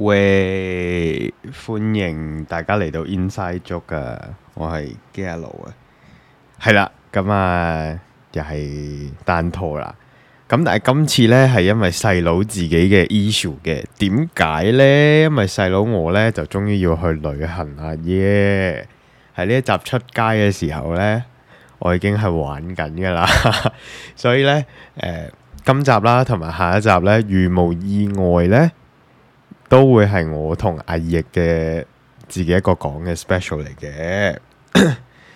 喂歡迎，大家嚟到 Inside Joke 啊，我係 Gallow 啊，係啦，咁、嗯、啊又係單拖啦，咁、嗯、但係今次咧係因為細佬自己嘅 issue 嘅，點解咧？因為細佬我咧就終於要去旅行啦，耶！喺呢一集出街嘅時候咧，我已經係玩緊噶啦， 所以咧誒、呃，今集啦同埋下一集咧，如無意外咧。都會係我同阿奕嘅自己一個講嘅 special 嚟嘅，咁、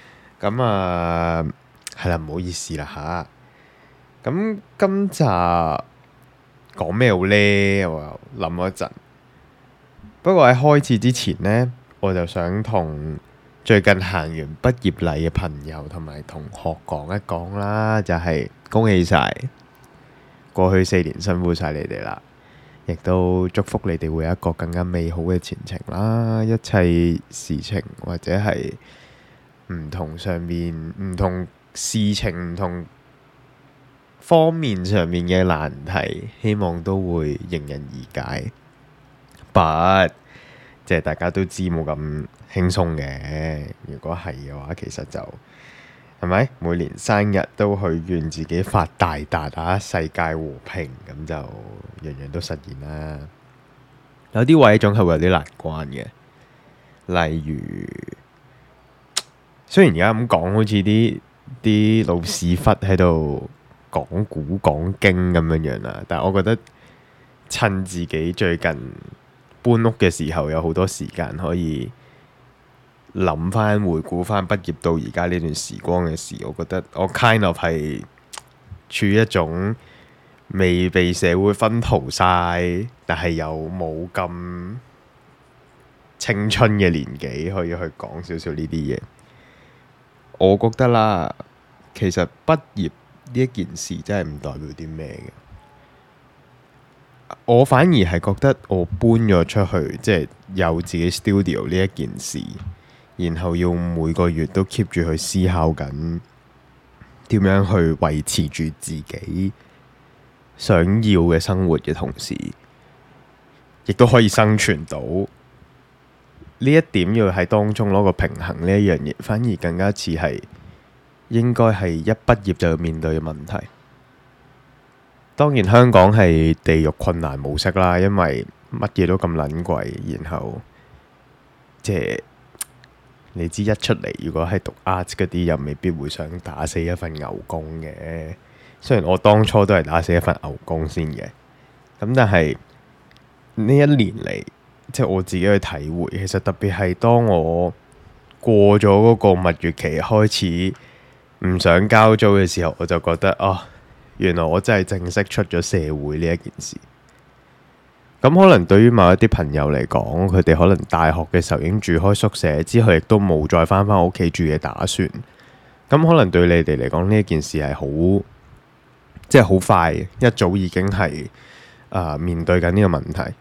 嗯、啊係啦，唔、嗯嗯、好意思啦吓。咁、嗯、今集講咩好咧？我又諗咗一陣。不過喺開始之前咧，我就想同最近行完畢業禮嘅朋友同埋同學講一講啦，就係、是、恭喜晒過去四年辛苦晒你哋啦。亦都祝福你哋會有一個更加美好嘅前程啦！一切事情或者係唔同上面，唔同事情，唔同方面上面嘅難題，希望都會迎刃而解。But，即係大家都知冇咁輕鬆嘅。如果係嘅話，其實就。係咪每年生日都去願自己發大達啊世界和平咁就樣樣都實現啦。 有啲位總係會有啲難關嘅，例如，雖然而家咁講，好似啲啲老屎忽喺度講古講經咁樣樣啦，但係我覺得趁自己最近搬屋嘅時候，有好多時間可以。諗翻回顧翻畢業到而家呢段時光嘅事，我覺得我 kind of 係處於一種未被社會分途晒，但係又冇咁青春嘅年紀，可以去講少少呢啲嘢。我覺得啦，其實畢業呢一件事真係唔代表啲咩嘅。我反而係覺得我搬咗出去，即係有自己 studio 呢一件事。然後要每個月都 keep 住去思考緊，點樣去維持住自己想要嘅生活嘅同時，亦都可以生存到呢一點，要喺當中攞個平衡呢一樣嘢，反而更加似係應該係一畢業就要面對嘅問題。當然香港係地獄困難模式啦，因為乜嘢都咁撚貴，然後即係。你知一出嚟，如果係讀 art 嗰啲，又未必會想打死一份牛工嘅。雖然我當初都係打死一份牛工先嘅，咁但係呢一年嚟，即係我自己去體會，其實特別係當我過咗嗰個蜜月期，開始唔想交租嘅時候，我就覺得，哦，原來我真係正式出咗社會呢一件事。咁可能對於某一啲朋友嚟講，佢哋可能大學嘅時候已經住開宿舍，之後亦都冇再翻返屋企住嘅打算。咁可能對你哋嚟講，呢一件事係好，即係好快，一早已經係啊、呃、面對緊呢個問題，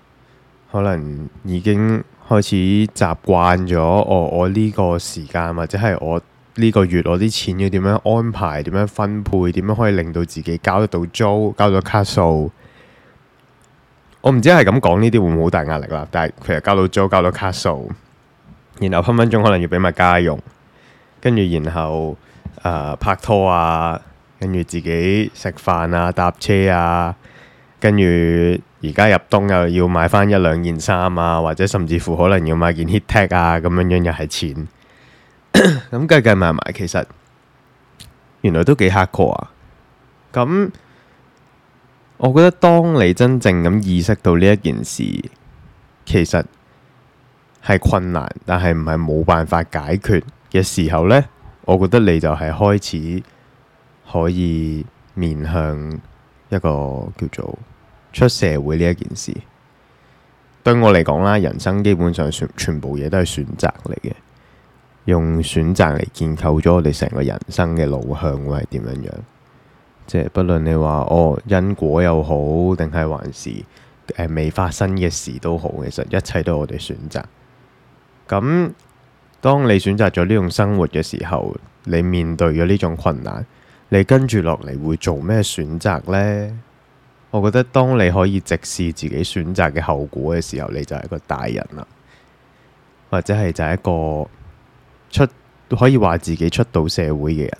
可能已經開始習慣咗、哦、我我呢個時間或者係我呢個月我啲錢要點樣安排、點樣分配、點樣可以令到自己交得到租、交咗卡數。我唔知係咁講呢啲會唔會好大壓力啦，但係其實交到租、交到卡數、so，然後分分鐘可能要俾埋家用，跟住然後誒拍拖啊，跟住自己食飯啊、搭車啊，跟住而家入冬又要買翻一兩件衫啊，或者甚至乎可能要買件 Heattech 啊，咁樣樣又係錢，咁計計埋埋，其實原來都幾 hardcore 啊，咁。我覺得當你真正咁意識到呢一件事，其實係困難，但係唔係冇辦法解決嘅時候呢，我覺得你就係開始可以面向一個叫做出社會呢一件事。對我嚟講啦，人生基本上全全部嘢都係選擇嚟嘅，用選擇嚟建構咗我哋成個人生嘅路向會係點樣樣。即係不論你話哦因果又好，定係還是誒未發生嘅事都好，其實一切都係我哋選擇。咁當你選擇咗呢種生活嘅時候，你面對咗呢種困難，你跟住落嚟會做咩選擇咧？我覺得當你可以直視自己選擇嘅後果嘅時候，你就係一個大人啦，或者係就係一個出可以話自己出到社會嘅人。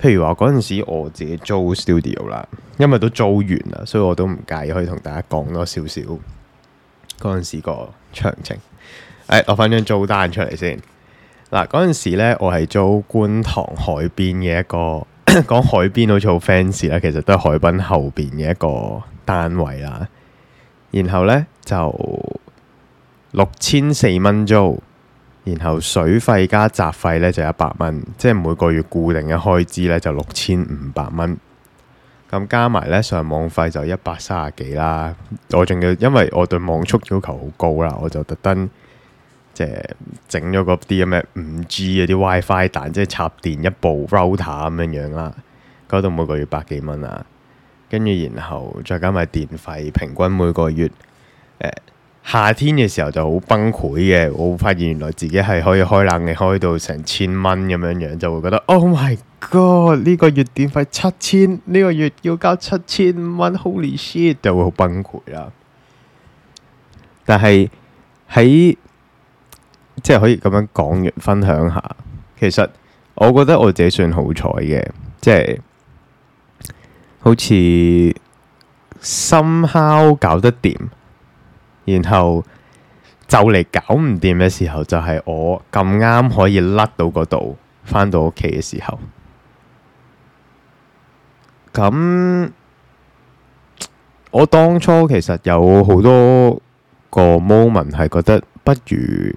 譬如話嗰陣時我自己租 studio 啦，因為都租完啦，所以我都唔介意可以同大家講多少少嗰陣時個詳情。誒、哎，攞翻張租單出嚟先。嗱，嗰陣時咧，我係租觀塘海邊嘅一個，講 海邊好似好 fancy 啦，其實都係海濱後邊嘅一個單位啦。然後咧就六千四蚊租。然後水費加雜費咧就一百蚊，即係每個月固定嘅開支咧就六千五百蚊。咁加埋咧，上網費就一百三十幾啦。我仲要因為我對網速要求好高啦，我就特登即係整咗嗰啲咁嘅五 G 嗰啲 WiFi 彈，即係插電一部 router 咁樣樣啦。嗰度每個月百幾蚊啊。跟住然後再加埋電費，平均每個月、呃夏天嘅時候就好崩潰嘅，我發現原來自己係可以開冷氣開到成千蚊咁樣樣，就會覺得 Oh my God！呢個月電費七千，呢個月要交七千五蚊，Holy shit！就會好崩潰啦。但係喺即係可以咁樣講，分享下，其實我覺得我自己算、就是、好彩嘅，即係好似 somehow 搞得掂。然後就嚟搞唔掂嘅時候，就係我咁啱可以甩到嗰度，返到屋企嘅時候。咁我當初其實有好多個 moment 係覺得，不如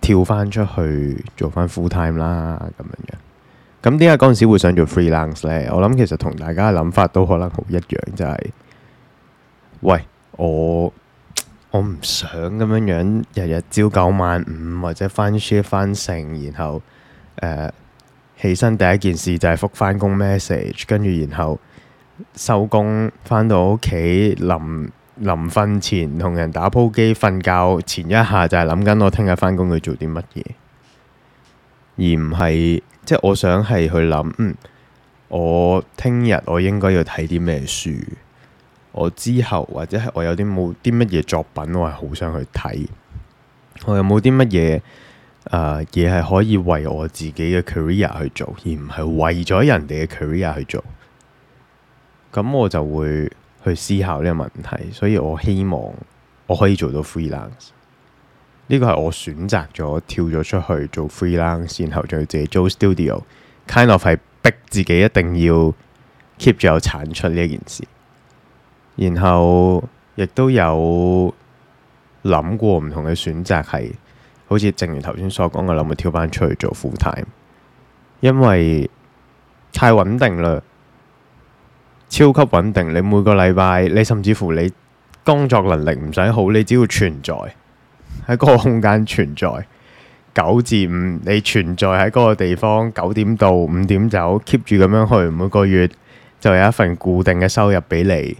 跳返出去做返 full time 啦咁樣。咁點解嗰陣時會想做 freelance 呢？我諗其實同大家嘅諗法都可能好一樣，就係喂我。我唔想咁樣樣，日日朝九晚五，或者翻書翻成，然後、呃、起身第一件事就係覆返工 message，跟住然後收工返到屋企，臨臨瞓前同人打鋪機瞓覺前一下就係諗緊我聽日返工要做啲乜嘢，而唔係即係我想係去諗、嗯，我聽日我應該要睇啲咩書。我之後或者係我有啲冇啲乜嘢作品，我係好想去睇。我有冇啲乜嘢嘢係可以為我自己嘅 career 去做，而唔係為咗人哋嘅 career 去做。咁我就會去思考呢個問題。所以我希望我可以做到 freelance。呢個係我選擇咗跳咗出去做 freelance，然後再自己做 studio，kind of 係逼自己一定要 keep 住有產出呢一件事。然後亦都有諗過唔同嘅選擇，係好似正如頭先所講嘅諗，要跳翻出去做 full time，因為太穩定啦，超級穩定。你每個禮拜，你甚至乎你工作能力唔使好，你只要存在喺嗰個空間存在，九至五你存在喺嗰個地方，九點到五點走，keep 住咁樣去，每個月就有一份固定嘅收入俾你。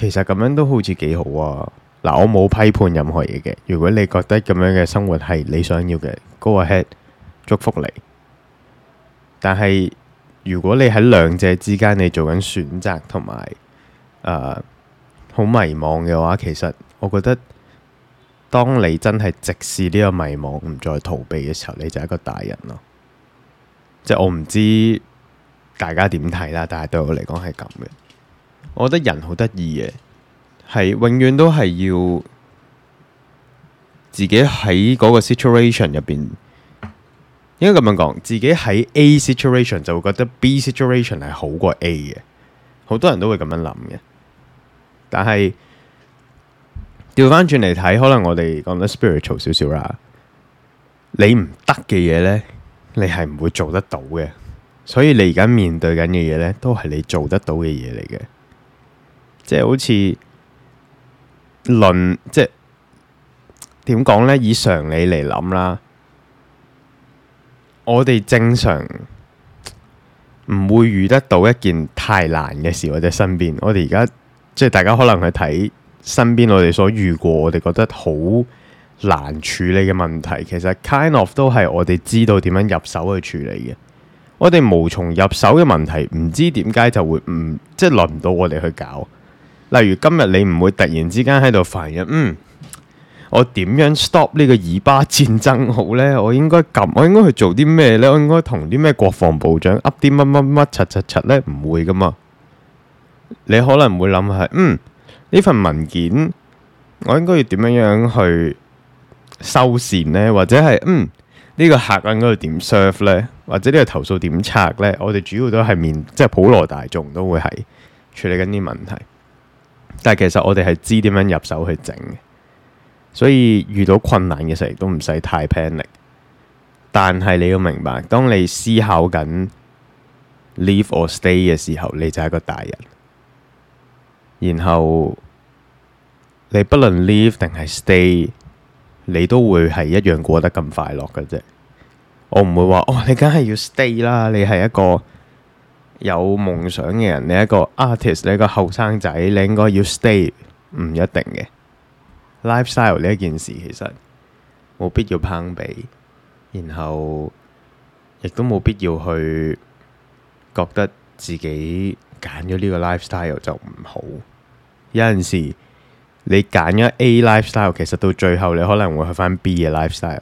其實咁樣都好似幾好啊！嗱，我冇批判任何嘢嘅。如果你覺得咁樣嘅生活係你想要嘅，Go ahead 祝福你。但係如果你喺兩者之間你做緊選擇，同埋誒好迷惘嘅話，其實我覺得當你真係直視呢個迷惘，唔再逃避嘅時候，你就係一個大人咯。即係我唔知大家點睇啦，但係對我嚟講係咁嘅。我覺得人好得意嘅，係永遠都係要自己喺嗰個 situation 入邊，應該咁樣講，自己喺 A situation 就會覺得 B situation 係好過 A 嘅，好多人都會咁樣諗嘅。但係調翻轉嚟睇，可能我哋講得 spiritual 少少啦。你唔得嘅嘢呢，你係唔會做得到嘅，所以你而家面對緊嘅嘢呢，都係你做得到嘅嘢嚟嘅。即係好似論，即係點講咧？以常理嚟諗啦，我哋正常唔會遇得到一件太難嘅事。或者身邊，我哋而家即係大家可能去睇身邊我哋所遇過，我哋覺得好難處理嘅問題，其實 kind of 都係我哋知道點樣入手去處理嘅。我哋無從入手嘅問題，唔知點解就會唔即係輪唔到我哋去搞。例如今日你唔會突然之間喺度反應，嗯，我點樣 stop 呢個以巴戰爭好呢？我應該撳，我應該去做啲咩呢？我應該同啲咩國防部長噏啲乜乜乜柒柒柒呢？唔會噶嘛？你可能會諗係，嗯，呢份文件我應該要點樣樣去修繕呢？或者係，嗯，呢個客應該要點 serve 呢？或者呢個投訴點拆呢？我哋主要都係面，即係普羅大眾都會係處理緊啲問題。但其實我哋係知點樣入手去整，所以遇到困難嘅時候亦都唔使太 panic。但係你要明白，當你思考緊 leave or stay 嘅時候，你就係一個大人。然後你不能 leave 定係 stay，你都會係一樣過得咁快樂嘅啫。我唔會話哦，你梗係要 stay 啦，你係一個。有夢想嘅人，你一個 artist，你一個後生仔，你應該要 stay。唔一定嘅 lifestyle 呢一件事，其實冇必要攀比，然後亦都冇必要去覺得自己揀咗呢個 lifestyle 就唔好。有陣時你揀咗 A lifestyle，其實到最後你可能會去返 B 嘅 lifestyle。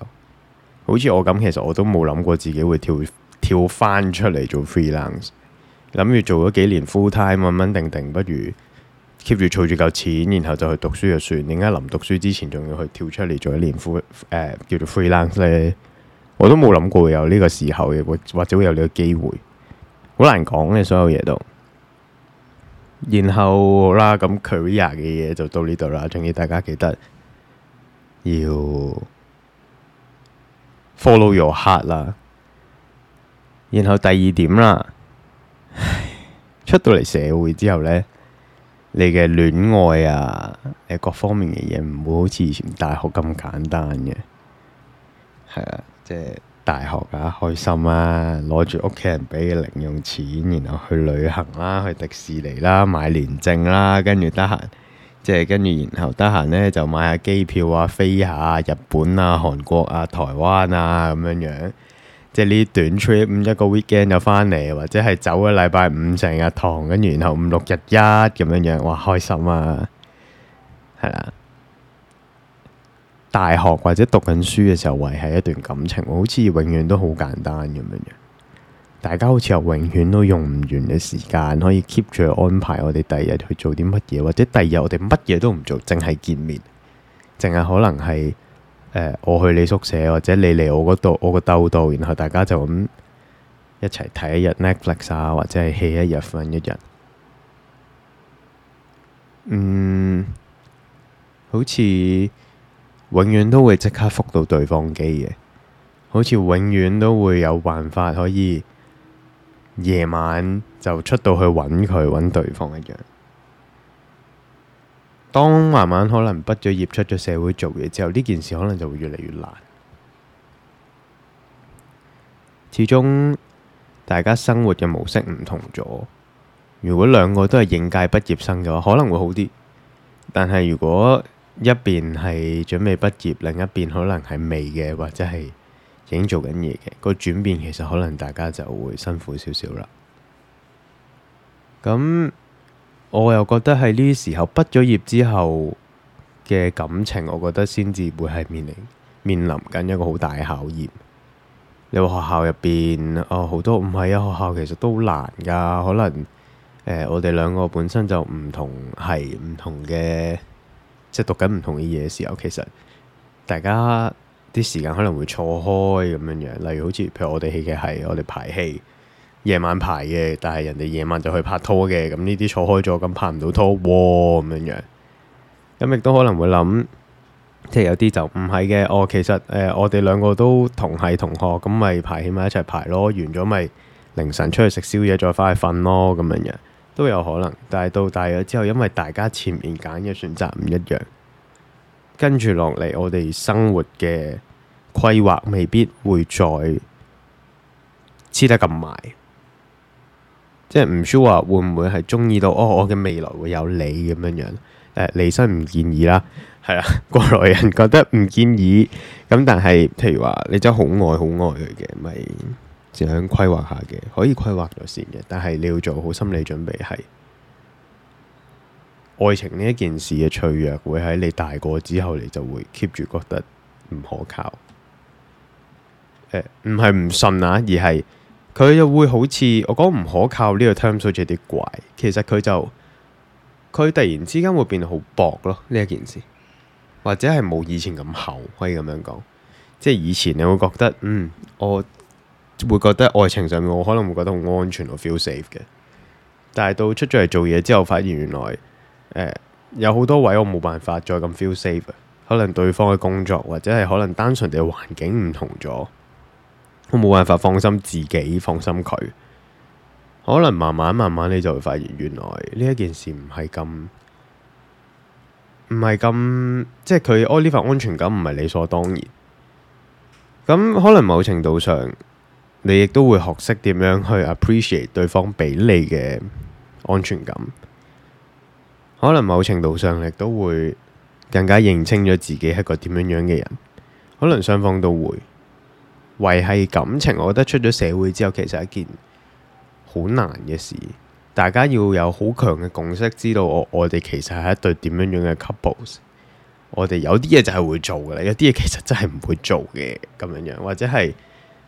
好似我咁，其實我都冇諗過自己會跳跳返出嚟做 freelance。諗住做咗幾年 full time 穩穩定定，不如 keep 住儲住嚿錢，然後就去讀書就算。點解臨讀書之前仲要去跳出嚟做一年 free 誒、呃、叫做 freelance 咧？我都冇諗過有呢個時候，嘅或或者會有呢個機會，好難講嘅所有嘢都。然後啦，咁 career 嘅嘢就到呢度啦，仲要大家記得要 follow your heart 啦。然後第二點啦。 出到嚟社會之後呢，你嘅戀愛啊，你各方面嘅嘢唔會好似以前大學咁簡單嘅。係啊，即係大學啊，開心啊，攞住屋企人俾嘅零用錢，然後去旅行啦，去迪士尼啦，買年證啦，跟住得閒，即係跟住然後得閒呢，就買下機票啊，飛下日本啊、韓國啊、台灣啊咁樣樣。即係呢啲短 trip，一個 weekend 就返嚟，或者係走個禮拜五成日堂，跟然後五六日一咁樣樣，哇開心啊！係啦，大學或者讀緊書嘅時候，維繫一段感情，好似永遠都好簡單咁樣樣。大家好似又永遠都用唔完嘅時間，可以 keep 住去安排我哋第日去做啲乜嘢，或者第二日我哋乜嘢都唔做，淨係見面，淨係可能係。呃、我去你宿舍，或者你嚟我嗰度，我個兜度，然後大家就咁一齊睇一日 Netflix 啊，或者係戲一日瞓一日。嗯，好似永遠都會即刻復到對方機嘅，好似永遠都會有辦法可以夜晚就出到去揾佢，揾對方一樣。當慢慢可能畢咗業出咗社會做嘢之後，呢件事可能就會越嚟越難。始終大家生活嘅模式唔同咗。如果兩個都係應屆畢業生嘅話，可能會好啲。但係如果一邊係準備畢業，另一邊可能係未嘅，或者係已經做緊嘢嘅，個轉變其實可能大家就會辛苦少少啦。咁。我又覺得喺呢啲時候畢咗業之後嘅感情，我覺得先至會係面臨面臨緊一個好大嘅考驗。你話學校入邊，哦，好多唔係啊，學校其實都好難㗎，可能誒、呃、我哋兩個本身就唔同，係唔同嘅，即係讀緊唔同嘅嘢時候，其實大家啲時間可能會錯開咁樣樣。例如好似譬如我哋戲劇係我哋排戲。夜晚排嘅，但係人哋夜晚就去拍拖嘅，咁呢啲錯開咗，咁拍唔到拖，咁樣樣，咁、嗯、亦都可能會諗，即係有啲就唔係嘅，哦，其實誒、呃，我哋兩個都同係同學，咁咪排起埋一齊排咯完咗咪凌晨出去食宵夜，再翻去瞓咯咁樣樣都有可能。但係到大咗之後，因為大家前面揀嘅選擇唔一樣，跟住落嚟我哋生活嘅規劃未必會再黐得咁埋。即係唔 sure 話，會唔會係中意到哦？我嘅未來會有你咁樣樣？誒、呃，離身唔建議啦，係啦，國內人覺得唔建議。咁但係，譬如話你真係好愛好愛佢嘅，咪先想規劃下嘅，可以規劃咗先嘅。但係你要做好心理準備，係愛情呢一件事嘅脆弱，會喺你大個之後，你就會 keep 住覺得唔可靠。誒、呃，唔係唔信啊，而係。佢又會好似我講唔可靠呢個 terms 好似有啲怪。其實佢就佢突然之間會變得好薄咯，呢一件事或者係冇以前咁厚，可以咁樣講，即係以前你會覺得嗯，我會覺得愛情上面我可能會覺得好安全，我 feel safe 嘅，但係到出咗嚟做嘢之後，發現原來誒、呃、有好多位我冇辦法再咁 feel safe，可能對方嘅工作或者係可能單純地環境唔同咗。我冇辦法放心自己，放心佢，可能慢慢慢慢你就會發現，原來呢一件事唔係咁，唔係咁，即係佢我呢份安全感唔係理所當然。咁可能某程度上，你亦都會學識點樣去 appreciate 對方俾你嘅安全感。可能某程度上，你都會更加認清咗自己係個點樣樣嘅人。可能雙方都會。維係感情，我覺得出咗社會之後，其實係一件好難嘅事。大家要有好強嘅共識，知道我我哋其實係一對點樣樣嘅 couple。我哋有啲嘢就係會做嘅啦，有啲嘢其實真係唔會做嘅咁樣樣，或者係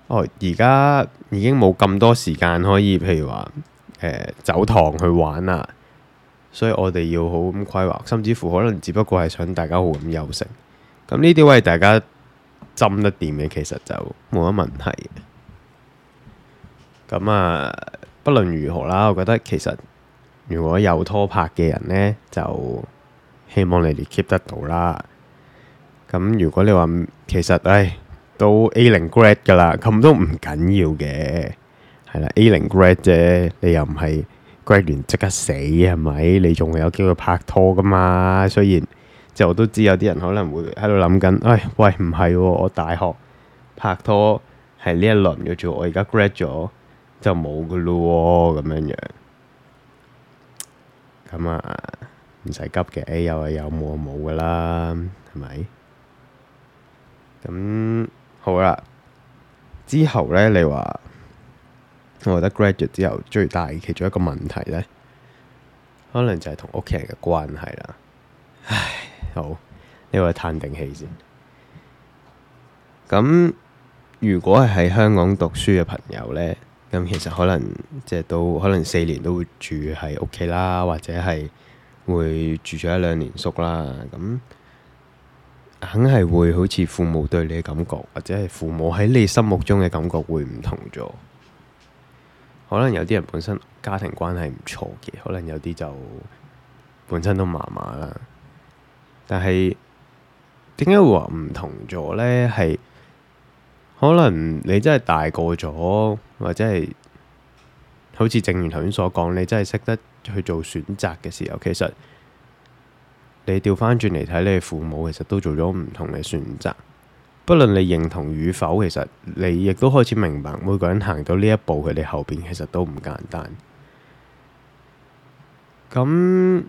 哦，而家已經冇咁多時間可以，譬如話誒、呃、走堂去玩啦。所以我哋要好咁規劃，甚至乎可能只不過係想大家好咁休息。咁呢啲位大家。針得掂嘅，其實就冇乜問題嘅。咁啊，不論如何啦，我覺得其實如果有拖拍嘅人呢，就希望你哋 keep 得到啦。咁如果你話其實，唉，都 A 零 grad 噶啦，咁都唔緊要嘅。係啦，A 零 grad 啫，你又唔係 grad 完即刻死係咪？你仲有機會拍拖噶嘛？雖然。就我都知有啲人可能會喺度諗緊，哎喂，唔係、喎、我大學拍拖係呢一輪要做，我而家 graduate 咗就冇噶咯，咁樣樣。咁啊，唔使急嘅，有啊有，冇啊冇噶啦，係咪？咁好啦，之後咧，你話我覺得 graduate 之後最大其中一個問題咧，可能就係同屋企人嘅關係啦，唉。好，呢位嘆定氣先。咁如果係喺香港讀書嘅朋友呢，咁其實可能即係都可能四年都會住喺屋企啦，或者係會住咗一兩年宿啦。咁，肯定會好似父母對你嘅感覺，或者係父母喺你心目中嘅感覺會唔同咗。可能有啲人本身家庭關係唔錯嘅，可能有啲就本身都麻麻啦。但係點解會話唔同咗呢？係可能你真係大個咗，或者係好似正如頭先所講，你真係識得去做選擇嘅時候，其實你調翻轉嚟睇，你，你父母其實都做咗唔同嘅選擇。不論你認同與否，其實你亦都開始明白，每個人行到呢一步，佢哋後邊其實都唔簡單。咁。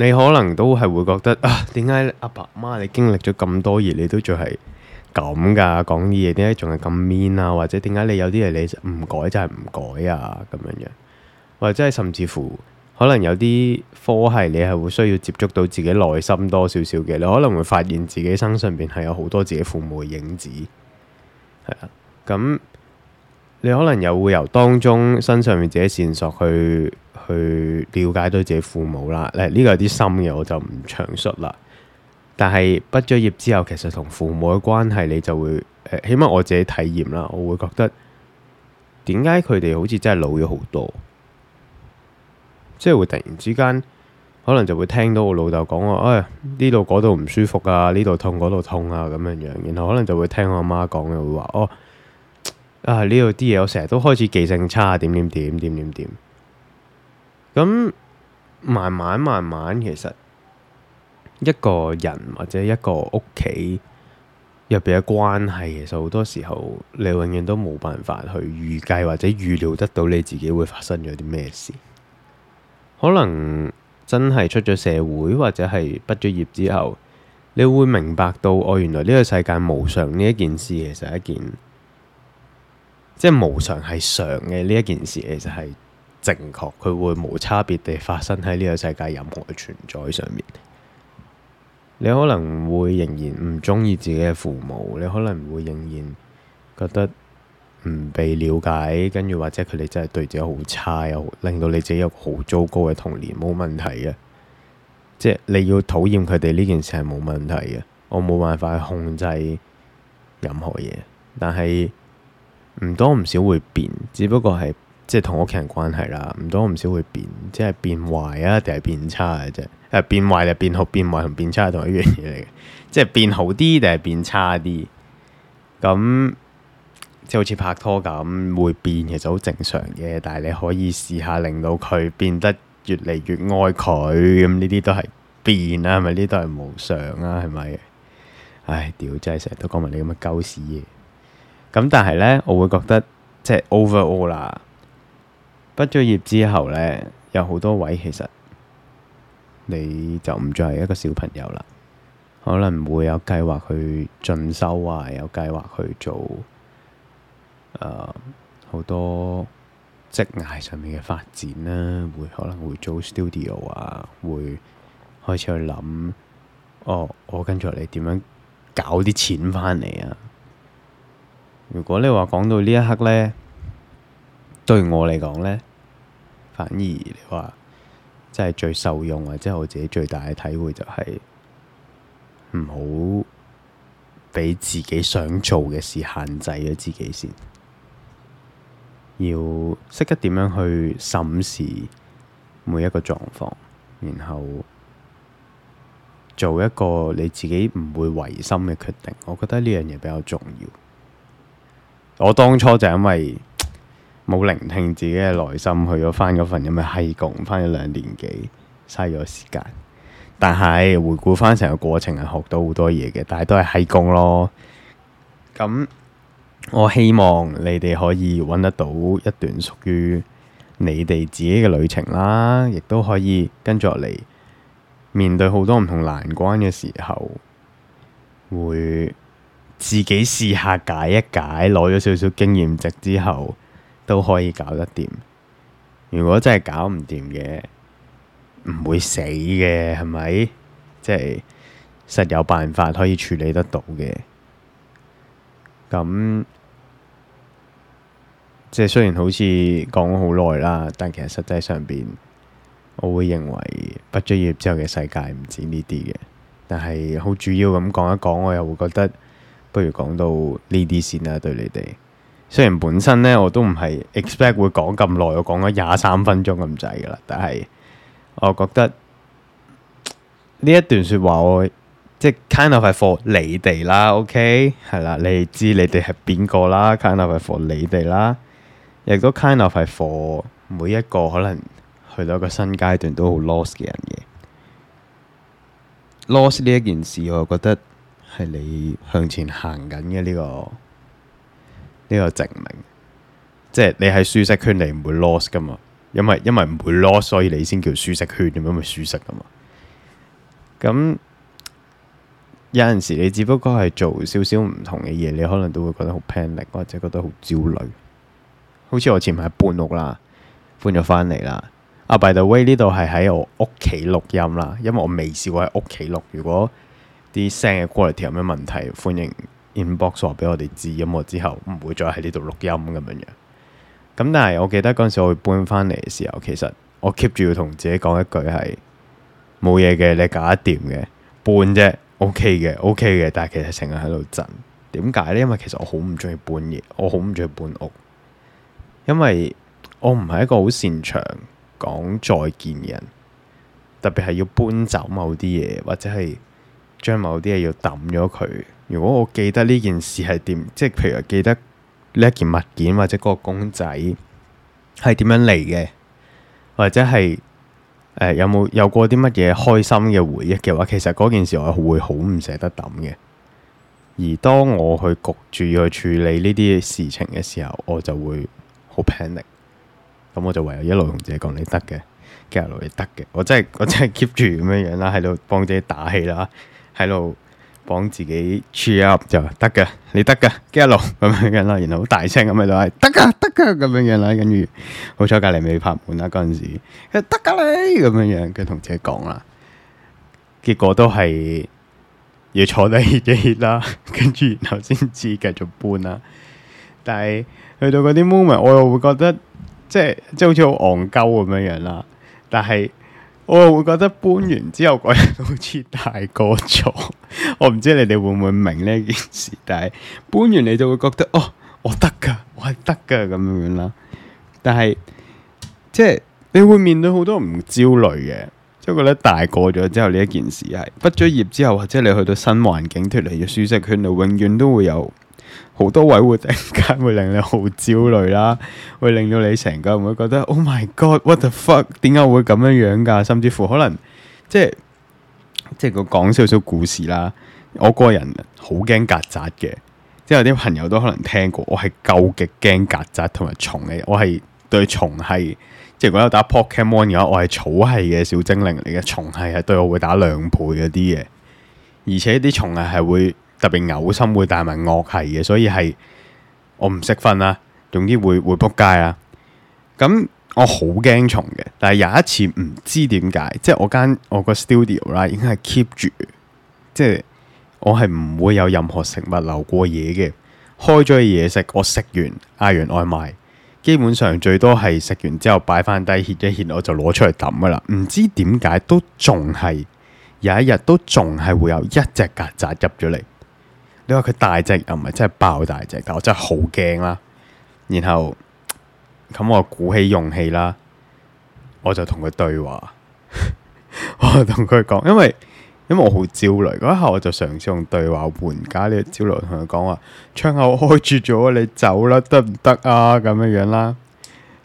你可能都係會覺得啊，點解阿爸媽你經歷咗咁多嘢，你都仲係咁㗎？講啲嘢點解仲係咁 mean 啊？或者點解你有啲嘢你唔改就係唔改啊？咁樣樣，或者甚至乎可能有啲科系你係會需要接觸到自己內心多少少嘅，你可能會發現自己身上邊係有好多自己父母嘅影子，係啊。咁你可能又會由當中身上面自己線索去。去了解到自己父母啦，呢、哎呢個有啲深嘅，我就唔詳述啦。但係畢咗業之後，其實同父母嘅關係，你就會、呃、起碼我自己體驗啦，我會覺得點解佢哋好似真係老咗好多，即係會突然之間可能就會聽到我老豆講話，誒呢度嗰度唔舒服啊，呢度痛嗰度痛啊咁樣樣，然後可能就會聽我阿媽講嘅會話，哦啊呢度啲嘢，我成日都開始記性差、啊，點點點點點點。咁慢慢慢慢，其實一個人或者一個屋企入邊嘅關係，其實好多時候你永遠都冇辦法去預計或者預料得到你自己會發生咗啲咩事。可能真係出咗社會或者係畢咗業之後，你會明白到哦，原來呢個世界無常呢一件事，其實係一件即係無常係常嘅呢一件事，其實係。正確，佢會無差別地發生喺呢個世界任何嘅存在上面。你可能會仍然唔鍾意自己嘅父母，你可能會仍然覺得唔被了解，跟住或者佢哋真係對自己好差，又令到你自己有好糟糕嘅童年，冇問題嘅。即係你要討厭佢哋呢件事係冇問題嘅，我冇辦法去控制任何嘢，但係唔多唔少會變，只不過係。即係同屋企人關係啦，唔多唔少會變，即係變壞啊，定係變差嘅啫。誒，變壞就變好，變壞同變差係同一樣嘢嚟嘅，即係變好啲定係變差啲。咁即係好似拍拖咁，會變，其實好正常嘅。但係你可以試下令到佢變得越嚟越愛佢，咁呢啲都係變啊，係咪？呢都係無常啊，係咪？唉，屌真，真係成日都講埋你咁嘅狗屎嘢。咁但係咧，我會覺得即係 overall 啦。畢咗業之後咧，有好多位其實你就唔再係一個小朋友啦，可能會有計劃去進修啊，有計劃去做誒好、呃、多職涯上面嘅發展啦、啊，會可能會做 studio 啊，會開始去諗，哦，我跟住你點樣搞啲錢返嚟啊。如果你話講到呢一刻咧，對我嚟講咧。反而你話，即係最受用或者我自己最大嘅體會就係，唔好畀自己想做嘅事限制咗自己先，要識得點樣去審視每一個狀況，然後做一個你自己唔會違心嘅決定。我覺得呢樣嘢比較重要。我當初就因為，冇聆聽自己嘅內心，去咗返嗰份咁嘅閪工，返咗兩年幾，嘥咗時間。但係回顧返成個過程係學到好多嘢嘅，但係都係閪工咯。咁我希望你哋可以揾得到一段屬於你哋自己嘅旅程啦，亦都可以跟住落嚟面對好多唔同難關嘅時候，會自己試下解一解，攞咗少少經驗值之後，都可以搞得掂。如果真係搞唔掂嘅，唔會死嘅係咪？即係實有辦法可以處理得到嘅。咁即係雖然好似講咗好耐啦，但其實實際上邊，我會認為畢咗業之後嘅世界唔止呢啲嘅。但係好主要咁講一講，我又會覺得不如講到呢啲先啦。對你哋。雖然本身咧，我都唔係 expect 會講咁耐，我講咗廿三分鐘咁滯噶啦，但係我覺得呢一段說話我，我即係 kind of 係 for 你哋啦，OK 係啦，你知你哋係邊個啦，kind of 係 for 你哋啦，亦都 kind of 係 for 每一個可能去到一個新階段都好 lost 嘅人嘅 lost 呢一件事，我覺得係你向前行緊嘅呢個。呢個證明，即係你喺舒適圈，你唔會 loss 噶嘛，因為因為唔會 loss，所以你先叫舒適圈，咁樣咪舒適噶嘛。咁有陣時你只不過係做少少唔同嘅嘢，你可能都會覺得好 panic，或者覺得好焦慮。好似我前排搬屋啦，搬咗翻嚟啦。阿、oh, by the way 呢度係喺我屋企錄音啦，因為我未試過喺屋企錄，如果啲聲嘅 quality 有咩問題，歡迎 inbox 話俾我哋知，音樂之後唔會再喺呢度錄音咁樣。咁但係我記得嗰陣時我會搬翻嚟嘅時候，其實我 keep 住要同自己講一句係冇嘢嘅，你搞得掂嘅，搬啫，OK 嘅，OK 嘅。但係其實成日喺度震，點解呢？因為其實我好唔中意搬嘢，我好唔中意搬屋，因為我唔係一個好擅長講再見嘅人，特別係要搬走某啲嘢，或者係將某啲嘢要抌咗佢。如果我記得呢件事係點，即係譬如話記得呢一件物件或者嗰個公仔係點樣嚟嘅，或者係誒、呃、有冇有，有過啲乜嘢開心嘅回憶嘅話，其實嗰件事我會好唔捨得抌嘅。而當我去焗住去處理呢啲事情嘅時候，我就會好 panic、嗯。咁我就唯有一路同自己講你得嘅，get 到嘅得嘅，我真係我真係 keep 住咁樣樣啦，喺度幫自己打氣啦，喺度。幫自己 cheer up 就得嘅，你得嘅，get on 咁樣樣，樣啦。然後好大聲咁喺度，係得噶，得噶咁樣樣啦。跟住好彩隔籬未拍門啦。嗰陣時，得噶你咁樣樣，佢同姐講啦。結果都係要坐低熱熱啦，跟住然後先至繼續搬啦。但係去到嗰啲 moment，我又會覺得即係即係好似好戇鳩咁樣樣啦。但係。我又會覺得搬完之後嗰日 好似大個咗， 我唔知你哋會唔會明呢件事，但係搬完你就會覺得哦，我得㗎，我係得㗎咁樣樣啦。但係即係你會面對好多唔焦慮嘅，即係覺得大個咗之後呢一件事係，畢咗業之後或者你去到新環境脫離咗舒適圈你永遠都會有。好多位會突然間會令你好焦慮啦，會令到你成個人會覺得 Oh my God，what the fuck？點解會咁樣樣噶？甚至乎可能即係即係個講少少故事啦。我個人好驚曱甴嘅，即係有啲朋友都可能聽過我極極。我係夠極驚曱甴同埋蟲嘅，我係對蟲係即係如果有打 Pokemon、ok、嘅話，我係草係嘅小精靈嚟嘅，蟲係係對我會打兩倍嗰啲嘅，而且啲蟲係係會。特別嘔心會帶埋惡氣嘅，所以係我唔識瞓啦，總之會會仆街啊。咁我好驚蟲嘅，但係有一次唔知點解，即係我間我個 studio 啦，已經係 keep 住，即係我係唔會有任何食物留過夜嘅。開咗嘢食，我食完嗌完外賣，基本上最多係食完之後擺翻低，歇一歇，我就攞出嚟抌噶啦。唔知點解都仲係有一日都仲係會有一隻曱甴入咗嚟。你話佢大隻，又唔係，真係爆大隻，但我真係好驚啦。然後咁，我鼓起勇氣啦，我就同佢對話， 我同佢講，因為因為我好焦慮嗰一下，我就嘗試用對話緩解呢個焦慮，同佢講話：窗口開住咗，你走啦，得唔得啊？咁樣樣啦。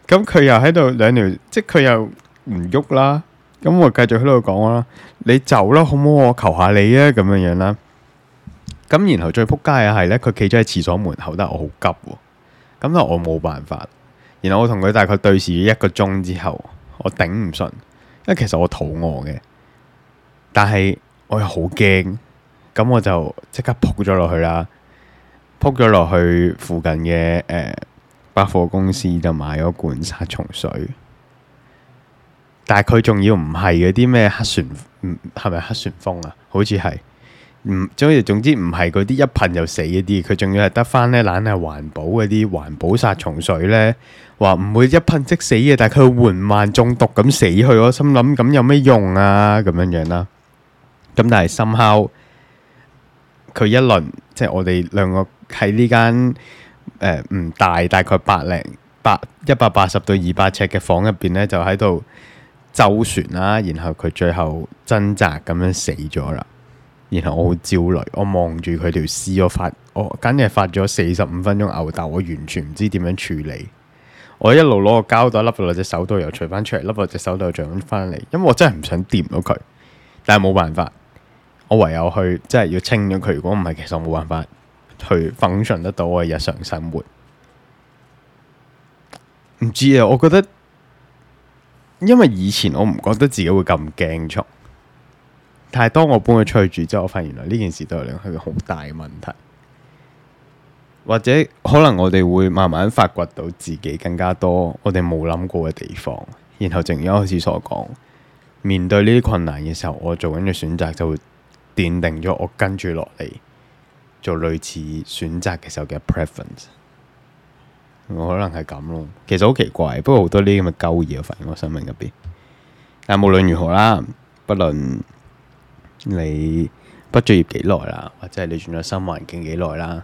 咁佢又喺度兩條，即佢又唔喐啦。咁我繼續喺度講啦，你走啦，好唔好？我求下你啊，咁樣樣啦。咁然後最扑街嘅係咧，佢企咗喺廁所門口，得我好急，咁咧我冇辦法。然後我同佢大概對視咗一個鐘之後，我頂唔順，因為其實我肚餓嘅，但係我又好驚，咁我就即刻撲咗落去啦，撲咗落去附近嘅誒百貨公司就買咗罐殺蟲水，但係佢仲要唔係嗰啲咩黑旋，係咪黑旋風啊？好似係。唔，總之唔係嗰啲一噴就死嗰啲，佢仲要係得翻呢懶係環保嗰啲環保殺蟲水呢，話唔會一噴即死嘅，但係佢緩慢中毒咁死去，我心諗咁有咩用啊？咁樣樣啦，咁但係 somehow 佢一輪，即係我哋兩個喺呢間唔大，大概百零百一百八十到二百尺嘅房入邊呢，就喺度周旋啦，然後佢最後掙扎咁樣死咗啦。然後我好焦慮，我望住佢條屍，我發我、哦、簡直係發咗四十五分鐘吽哣，但我完全唔知點樣處理。我一路攞個膠袋笠落嚟隻手度，又除翻出嚟，笠落隻手度，又着翻嚟，因為我真係唔想掂到佢，但係冇辦法，我唯有去即係要清咗佢。如果唔係，其實我冇辦法去 function 得到我嘅日常生活。唔知啊，我覺得因為以前我唔覺得自己會咁驚蟲。太多，我搬佢出去住，之後我發現原來呢件事都係令佢好大嘅問題，或者可能我哋會慢慢發掘到自己更加多我哋冇諗過嘅地方，然後正如一開始所講，面對呢啲困難嘅時候，我做緊嘅選擇就會奠定咗我跟住落嚟做類似選擇嘅時候嘅 preference。我可能係咁咯，其實好奇怪，不過好多呢啲咁嘅糾結，我發現我生命入邊。但無論如何啦，不論。你畢咗業幾耐啦，或者係你轉咗新環境幾耐啦？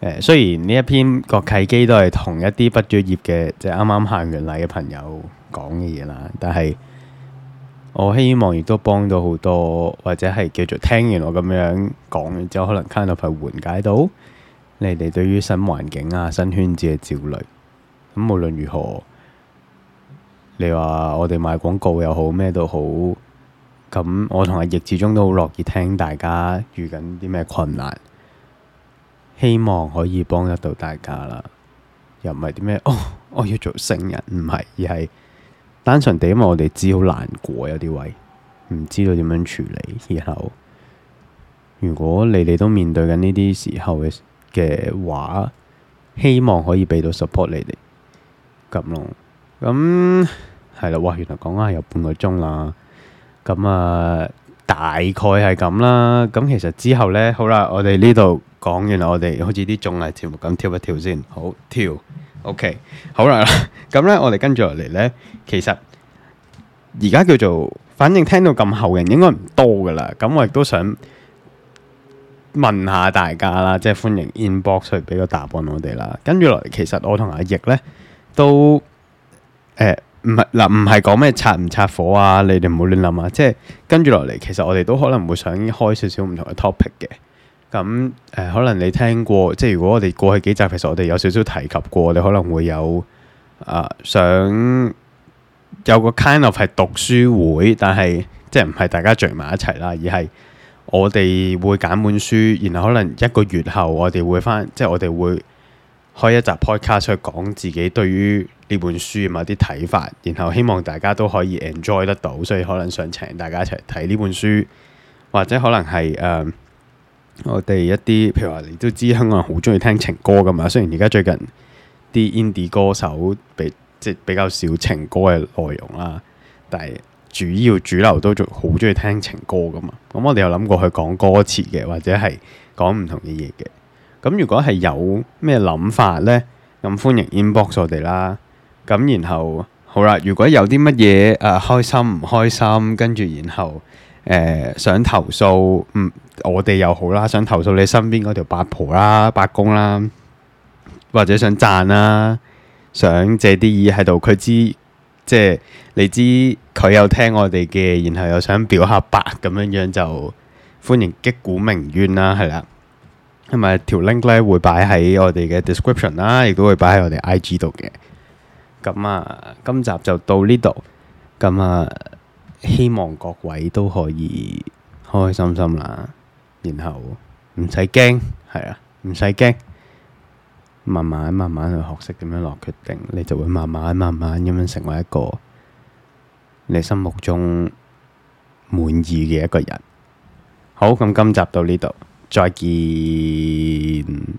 誒、呃，雖然呢一篇國啟機都係同一啲畢咗業嘅，即係啱啱行完禮嘅朋友講嘅嘢啦，但係我希望亦都幫到好多，或者係繼續聽完我咁樣講完之後，可能 kind of 緩解到你哋對於新環境啊、新圈子嘅焦慮。咁無論如何，你話我哋賣廣告又好，咩都好。咁我同阿易始終都好樂意聽大家遇緊啲咩困難，希望可以幫得到大家啦。又唔係啲咩哦，我要做聖人，唔係，而係單純地，因為我哋知好難過，有啲位唔知道點樣處理。然後如果你哋都面對緊呢啲時候嘅嘅話，希望可以畀到 support 你哋咁咯。咁係啦，哇，原來講緊係有半個鐘啦。咁啊，大概係咁啦。咁其實之後咧，好啦，我哋呢度講完啦，我哋好似啲綜藝節目咁跳一跳先。好，跳，OK。好啦，咁咧我哋跟住落嚟咧，其實而家叫做，反正聽到咁後，人應該唔多噶啦。咁我亦都想問下大家啦，即係歡迎 inbox 出嚟俾個答案我哋啦。跟住落嚟，其實我同阿易咧都誒。唔係嗱，唔係講咩拆唔拆夥啊！你哋唔好亂諗啊！即係跟住落嚟，其實我哋都可能會想開少少唔同嘅 topic 嘅。咁誒、呃，可能你聽過，即係如果我哋過去幾集其實我哋有少少提及過，我哋可能會有啊、呃、想有個 kind of 係讀書會，但係即係唔係大家聚埋一齊啦，而係我哋會揀本書，然後可能一個月後我哋會翻，即係我哋會開一集 podcast 去講自己對於呢本書啊嘛啲睇法，然後希望大家都可以 enjoy 得到，所以可能想請大家一齊睇呢本書，或者可能係誒、呃、我哋一啲，譬如話你都知香港人好中意聽情歌噶嘛，雖然而家最近啲 indie 歌手比即比較少情歌嘅內容啦，但係主要主流都仲好中意聽情歌噶嘛。咁我哋有諗過去講歌詞嘅，或者係講唔同嘅嘢嘅。咁如果係有咩諗法呢，咁歡迎 inbox 我哋啦。咁然後好啦，如果有啲乜嘢，誒開心唔開心，跟住然後誒、呃、想投訴，嗯，我哋又好啦，想投訴你身邊嗰條八婆啦、八公啦，或者想讚啦，想借啲意喺度，佢知即係你知佢有聽我哋嘅，然後又想表下白咁樣樣就歡迎擊鼓鳴冤啦，係啦，同埋條 link 咧會擺喺我哋嘅 description 啦，亦都會擺喺我哋 IG 度嘅。咁啊，今集就到呢度。咁啊，希望各位都可以開開心心啦。然後唔使驚，係啊，唔使驚。慢慢慢慢去學識點樣落決定，你就會慢慢慢慢咁樣成為一個你心目中滿意嘅一個人。好，咁今集到呢度，再見。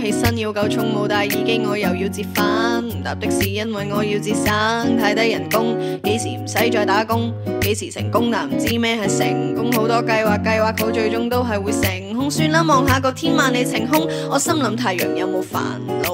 起身要夠充冇戴耳機，我又要折返唔搭的士，因為我要節省，太低人工，幾時唔使再打工？幾時成功嗱？唔知咩係成功，好多計劃計劃好，最終都係會成空。算啦，望下個天萬里晴空，我心諗太陽有冇煩惱？